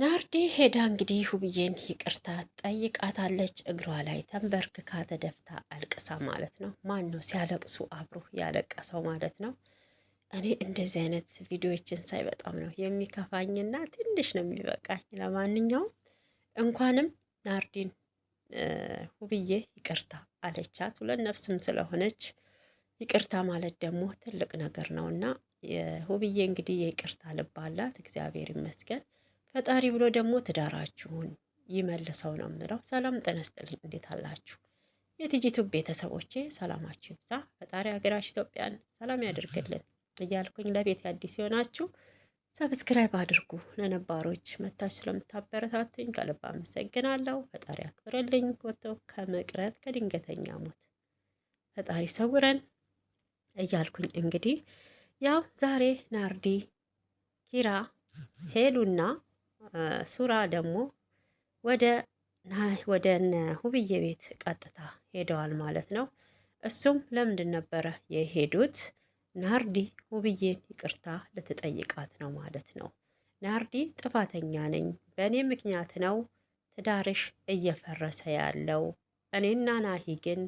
ናርዲ ሄዳ እንግዲህ ሁብዬን ይቅርታ ጠይቃታለች። እግሯ ላይ ተንበርክካ ተደፍታ አልቅሳ ማለት ነው። ማን ነው ሲያለቅሱ አብሮ ያለቀሰው ማለት ነው። እኔ እንደዚህ አይነት ቪዲዮዎችን ሳይ በጣም ነው የሚከፋኝና ትንሽ ነው የሚበቃኝ። ለማንኛውም እንኳንም ናርዲን ሁብዬ ይቅርታ አለቻት። ሁለት ነፍስም ስለሆነች ይቅርታ ማለት ደግሞ ትልቅ ነገር ነው እና ሁብዬ እንግዲህ የይቅርታ ልብ አላት። እግዚአብሔር ይመስገን። ፈጣሪ ብሎ ደግሞ ትዳራችሁን ይመልሰው ነው የምለው። ሰላም ጤና ይስጥልኝ። እንዴት አላችሁ? የትጂቱ ቤተሰቦቼ ሰላማችሁ ይብዛ። ፈጣሪ ሀገራችን ኢትዮጵያን ሰላም ያደርግልን እያልኩኝ ለቤት አዲስ የሆናችሁ ሰብስክራይብ አድርጉ። ለነባሮች መታችሁ ለምታበረታትኝ ከልብ አመሰግናለሁ። ፈጣሪ አክብርልኝ። ወጥተው ከመቅረት ከድንገተኛ ሞት ፈጣሪ ሰውረን እያልኩኝ እንግዲህ ያው ዛሬ ናርዲ ኪራ ሄሉና ሱራ ደግሞ ወደ ወደ እነ ሁብዬ ቤት ቀጥታ ሄደዋል ማለት ነው። እሱም ለምንድን ነበረ የሄዱት? ናርዲ ሁብዬን ይቅርታ ልትጠይቃት ነው ማለት ነው። ናርዲ ጥፋተኛ ነኝ፣ በእኔ ምክንያት ነው ትዳርሽ እየፈረሰ ያለው። እኔና ናሂ ግን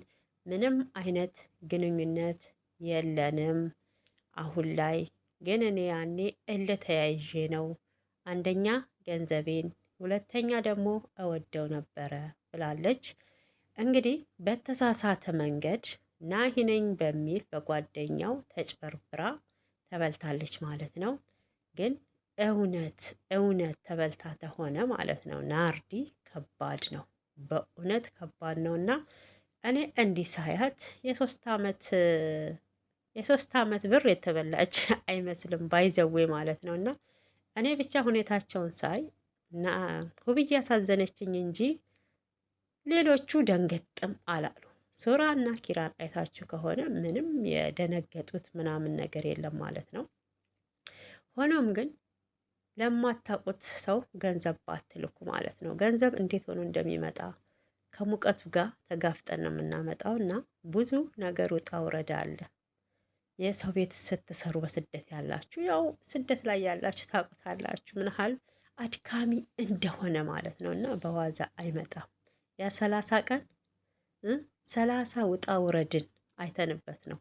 ምንም አይነት ግንኙነት የለንም። አሁን ላይ ግን እኔ ያኔ እልህ ነው አንደኛ ገንዘቤን፣ ሁለተኛ ደግሞ እወደው ነበረ ብላለች። እንግዲህ በተሳሳተ መንገድ ናሂ ነኝ በሚል በጓደኛው ተጭበርብራ ተበልታለች ማለት ነው። ግን እውነት እውነት ተበልታ ተሆነ ማለት ነው ናርዲ ከባድ ነው፣ በእውነት ከባድ ነው። እና እኔ እንዲህ ሳያት የሶስት ዓመት የሶስት ዓመት ብር የተበላች አይመስልም ባይዘዌ ማለት ነው እና እኔ ብቻ ሁኔታቸውን ሳይ እና ሁብዬ ያሳዘነችኝ እንጂ ሌሎቹ ደንገጥም አላሉ። ሱራ እና ኪራን አይታችሁ ከሆነ ምንም የደነገጡት ምናምን ነገር የለም ማለት ነው። ሆኖም ግን ለማታውቁት ሰው ገንዘብ ባትልኩ ማለት ነው። ገንዘብ እንዴት ሆኖ እንደሚመጣ ከሙቀቱ ጋር ተጋፍጠን ነው የምናመጣው እና ብዙ ነገር ውጣ ውረድ አለ። የሰው ቤት ስትሰሩ በስደት ያላችሁ ያው ስደት ላይ ያላችሁ ታውቁታላችሁ፣ ምን ያህል አድካሚ እንደሆነ ማለት ነው። እና በዋዛ አይመጣም። ያ ሰላሳ ቀን ሰላሳ ውጣ ውረድን አይተንበት ነው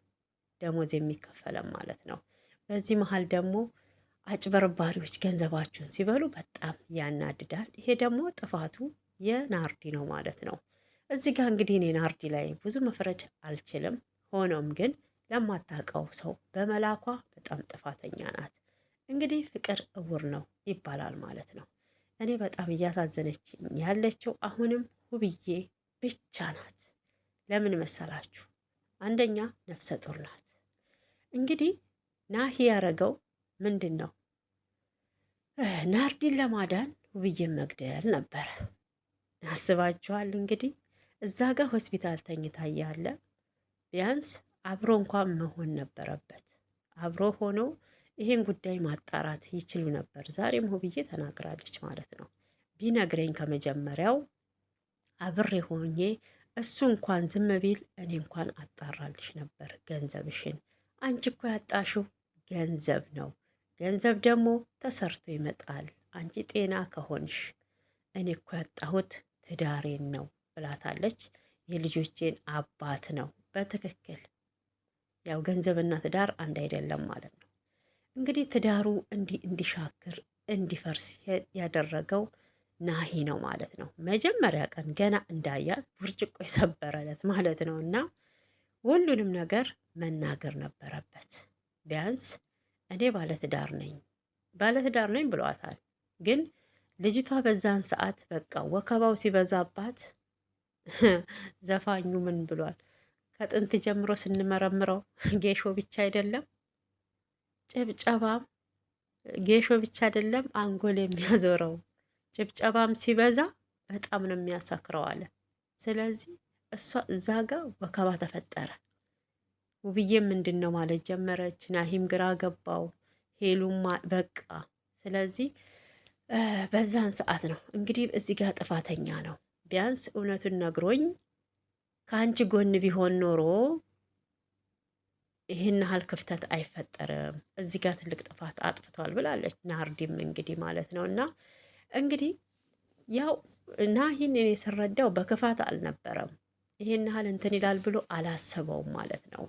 ደሞዝ የሚከፈለም ማለት ነው። በዚህ መሀል ደግሞ አጭበርባሪዎች ገንዘባችሁን ሲበሉ በጣም ያናድዳል። ይሄ ደግሞ ጥፋቱ የናርዲ ነው ማለት ነው። እዚህ ጋር እንግዲህ እኔ ናርዲ ላይ ብዙ መፍረድ አልችልም። ሆኖም ግን ለማታውቀው ሰው በመላኳ በጣም ጥፋተኛ ናት። እንግዲህ ፍቅር እውር ነው ይባላል ማለት ነው። እኔ በጣም እያሳዘነች ያለችው አሁንም ውብዬ ብቻ ናት። ለምን መሰላችሁ? አንደኛ ነፍሰ ጡር ናት። እንግዲህ ናሂ ያረገው ምንድን ነው? ናርዲን ለማዳን ውብዬን መግደል ነበረ። አስባችኋል? እንግዲህ እዛ ጋር ሆስፒታል ተኝታ ያለ ቢያንስ አብሮ እንኳን መሆን ነበረበት። አብሮ ሆኖ ይህን ጉዳይ ማጣራት ይችሉ ነበር። ዛሬም ሆብዬ ተናግራለች ማለት ነው። ቢነግረኝ ከመጀመሪያው አብሬ ሆኜ እሱ እንኳን ዝም ቢል እኔ እንኳን አጣራልሽ ነበር ገንዘብሽን። አንቺ እኮ ያጣሽው ገንዘብ ነው። ገንዘብ ደግሞ ተሰርቶ ይመጣል። አንቺ ጤና ከሆንሽ እኔ እኮ ያጣሁት ትዳሬን ነው ብላታለች። የልጆቼን አባት ነው በትክክል ያው ገንዘብና ትዳር አንድ አይደለም ማለት ነው። እንግዲህ ትዳሩ እንዲሻክር እንዲፈርስ ያደረገው ናሂ ነው ማለት ነው። መጀመሪያ ቀን ገና እንዳያት ብርጭቆ የሰበረለት ማለት ነው። እና ሁሉንም ነገር መናገር ነበረበት። ቢያንስ እኔ ባለትዳር ነኝ ባለትዳር ነኝ ብሏታል። ግን ልጅቷ በዛን ሰዓት በቃ ወከባው ሲበዛባት ዘፋኙ ምን ብሏል? ከጥንት ጀምሮ ስንመረምረው ጌሾ ብቻ አይደለም፣ ጭብጨባም ጌሾ ብቻ አይደለም፣ አንጎል የሚያዞረው ጭብጨባም ሲበዛ በጣም ነው የሚያሳክረው አለ። ስለዚህ እሷ እዛ ጋር ወከባ ተፈጠረ። ውብዬ ምንድን ነው ማለት ጀመረች። ናሂም ግራ ገባው፣ ሄሉም በቃ። ስለዚህ በዛን ሰዓት ነው እንግዲህ እዚህ ጋር ጥፋተኛ ነው ቢያንስ እውነቱን ነግሮኝ ከአንቺ ጎን ቢሆን ኖሮ ይህን ያህል ክፍተት አይፈጠርም። እዚህ ጋር ትልቅ ጥፋት አጥፍቷል ብላለች ናርዲም እንግዲህ ማለት ነው። እና እንግዲህ ያው እና ይህን እኔ ስረዳው በክፋት አልነበረም። ይህን ያህል እንትን ይላል ብሎ አላሰበውም ማለት ነው።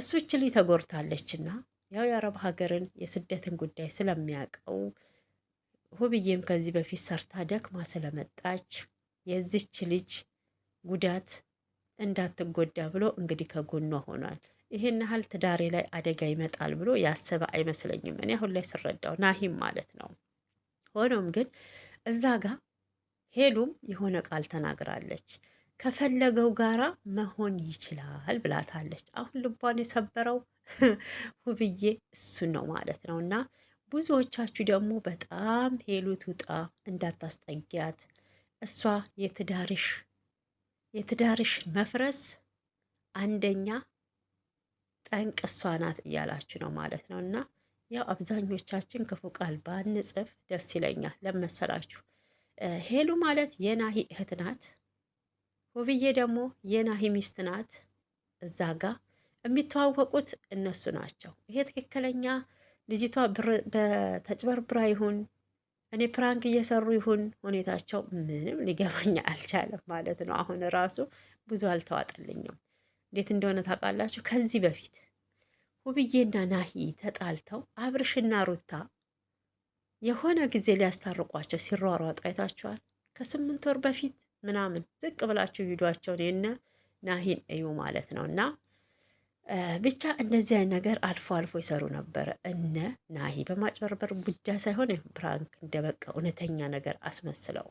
እሱ እችል ተጎድታለችና ያው የአረብ ሀገርን የስደትን ጉዳይ ስለሚያውቀው ሁብዬም ከዚህ በፊት ሰርታ ደክማ ስለመጣች የዚች ልጅ ጉዳት እንዳትጎዳ ብሎ እንግዲህ ከጎኗ ሆኗል። ይህን ያህል ትዳሬ ላይ አደጋ ይመጣል ብሎ ያሰበ አይመስለኝም እኔ አሁን ላይ ስረዳው ናሂም ማለት ነው። ሆኖም ግን እዛ ጋ ሄሉም የሆነ ቃል ተናግራለች። ከፈለገው ጋራ መሆን ይችላል ብላታለች። አሁን ልቧን የሰበረው ሁብዬ እሱ ነው ማለት ነው። እና ብዙዎቻችሁ ደግሞ በጣም ሄሉ ትውጣ እንዳታስጠጊያት እሷ የትዳርሽ የትዳርሽ መፍረስ አንደኛ ጠንቅ እሷ ናት እያላችሁ ነው ማለት ነው። እና ያው አብዛኞቻችን ክፉ ቃል ባንጽፍ ደስ ይለኛል። ለመሰላችሁ ሄሉ ማለት የናሂ እህት ናት። ውብዬ ደግሞ የናሂ ሚስት ናት። እዛ ጋ የሚተዋወቁት እነሱ ናቸው። ይሄ ትክክለኛ ልጅቷ በተጭበርብራ ይሁን እኔ ፕራንክ እየሰሩ ይሁን ሁኔታቸው ምንም ሊገባኝ አልቻለም ማለት ነው። አሁን ራሱ ብዙ አልተዋጠልኝም። እንዴት እንደሆነ ታውቃላችሁ? ከዚህ በፊት ውብዬና ናሂ ተጣልተው አብርሽና ሩታ የሆነ ጊዜ ሊያስታርቋቸው ሲሯሯጡ አይታችኋል። ከስምንት ወር በፊት ምናምን ዝቅ ብላችሁ ቪዲዮቸውን የነ ናሂን እዩ ማለት ነው እና ብቻ እንደዚህ አይነት ነገር አልፎ አልፎ ይሰሩ ነበረ። እነ ናሂ በማጭበርበር ቡጃ ሳይሆን ፕራንክ እንደበቃ እውነተኛ ነገር አስመስለው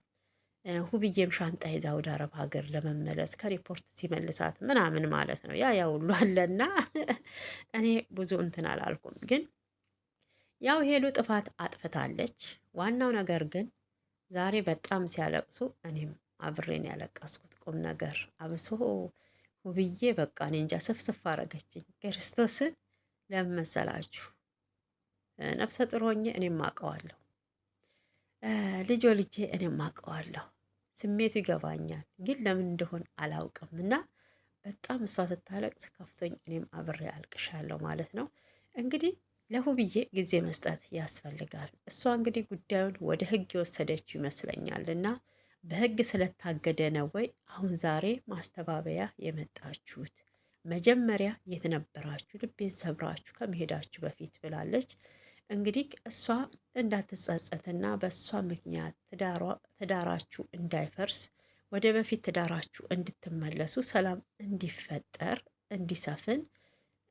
ሁብዬም ሻንጣ ይዛ ወደ አረብ ሀገር ለመመለስ ከሪፖርት ሲመልሳት ምናምን ማለት ነው። ያ ያ ሁሉ አለና እኔ ብዙ እንትን አላልኩም፣ ግን ያው ሄሉ ጥፋት አጥፍታለች። ዋናው ነገር ግን ዛሬ በጣም ሲያለቅሱ እኔም አብሬን ያለቀስኩት ቁም ነገር አብሶ ውብዬ በቃ እኔ እንጃ ስፍስፍ አረገችኝ። ክርስቶስን ለመሰላችሁ ነፍሰ ጥሩ ሆኜ እኔም አውቀዋለሁ፣ ልጆ ልጄ እኔም አውቀዋለሁ። ስሜቱ ይገባኛል፣ ግን ለምን እንደሆን አላውቅም። እና በጣም እሷ ስታለቅስ ከፍቶኝ እኔም አብሬ አልቅሻለሁ ማለት ነው እንግዲህ ለሁብዬ ጊዜ መስጠት ያስፈልጋል። እሷ እንግዲህ ጉዳዩን ወደ ህግ የወሰደችው ይመስለኛል እና በህግ ስለታገደ ነው ወይ አሁን ዛሬ ማስተባበያ የመጣችሁት? መጀመሪያ የት ነበራችሁ? ልቤን ሰብራችሁ ከመሄዳችሁ በፊት ብላለች። እንግዲህ እሷ እንዳትጸጸትና በእሷ ምክንያት ትዳራችሁ እንዳይፈርስ ወደ በፊት ትዳራችሁ እንድትመለሱ ሰላም እንዲፈጠር እንዲሰፍን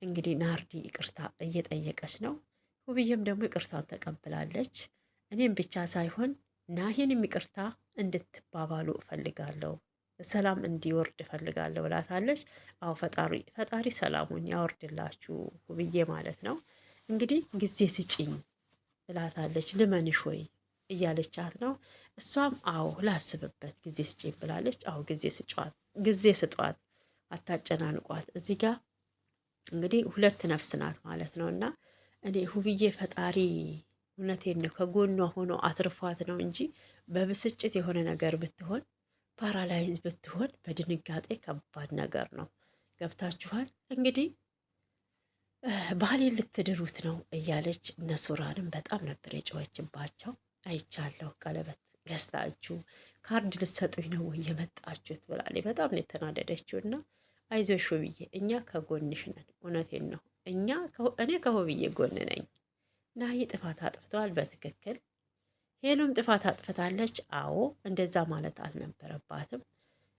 እንግዲህ ናርዲ ይቅርታ እየጠየቀች ነው። ውብዬም ደግሞ ይቅርታን ተቀብላለች። እኔም ብቻ ሳይሆን ናሂንም ይቅርታ እንድትባባሉ እፈልጋለሁ፣ ሰላም እንዲወርድ እፈልጋለሁ ብላታለች። አዎ ፈጣሪ ፈጣሪ ሰላሙን ያወርድላችሁ ብዬ ማለት ነው። እንግዲህ ጊዜ ስጪኝ ብላታለች። ልመንሽ ወይ እያለቻት ነው። እሷም አዎ ላስብበት ጊዜ ስጪኝ ብላለች። አዎ ጊዜ ስጧት፣ ጊዜ ስጧት፣ አታጨናንቋት። እዚህ ጋር እንግዲህ ሁለት ነፍስ ናት ማለት ነው እና እኔ ሁብዬ ፈጣሪ እውነቴን ነው። ከጎኗ ሆኖ አትርፏት ነው እንጂ በብስጭት የሆነ ነገር ብትሆን፣ ፓራላይዝ ብትሆን በድንጋጤ ከባድ ነገር ነው። ገብታችኋል እንግዲህ ባህሌ ልትድሩት ነው እያለች እነሱራንም በጣም ነበር የጨዋችባቸው። አይቻለሁ ቀለበት ገዝታችሁ ካርድ ልትሰጡኝ ነው ወይ የመጣችሁት ብላለች። በጣም ነው የተናደደችው። እና አይዞሽ ውብዬ፣ እኛ ከጎንሽ ነን። እውነቴን ነው። እኛ እኔ ከውብዬ ጎን ነኝ። ናሂ ጥፋት አጥፍተዋል፣ በትክክል ሄሉም ጥፋት አጥፍታለች። አዎ እንደዛ ማለት አልነበረባትም።